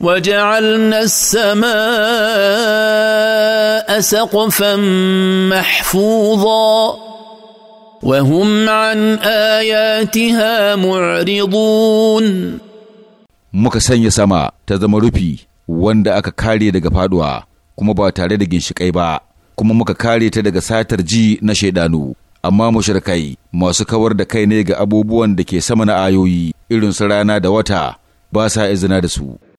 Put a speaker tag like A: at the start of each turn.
A: وجعلنا السماء سقفا
B: محفوظا وهم عن آياتها معرضون
C: muka sanya sama ta zama rufi wanda aka kare daga faduwa kuma ba tare da ginshiƙai ba kuma muka kare ta daga satar ji na shaidanu amma mushrikai masu kawar da kai ne ga abubuwan da ke sama na ayoyi irin su rana da wata ba sa izina da su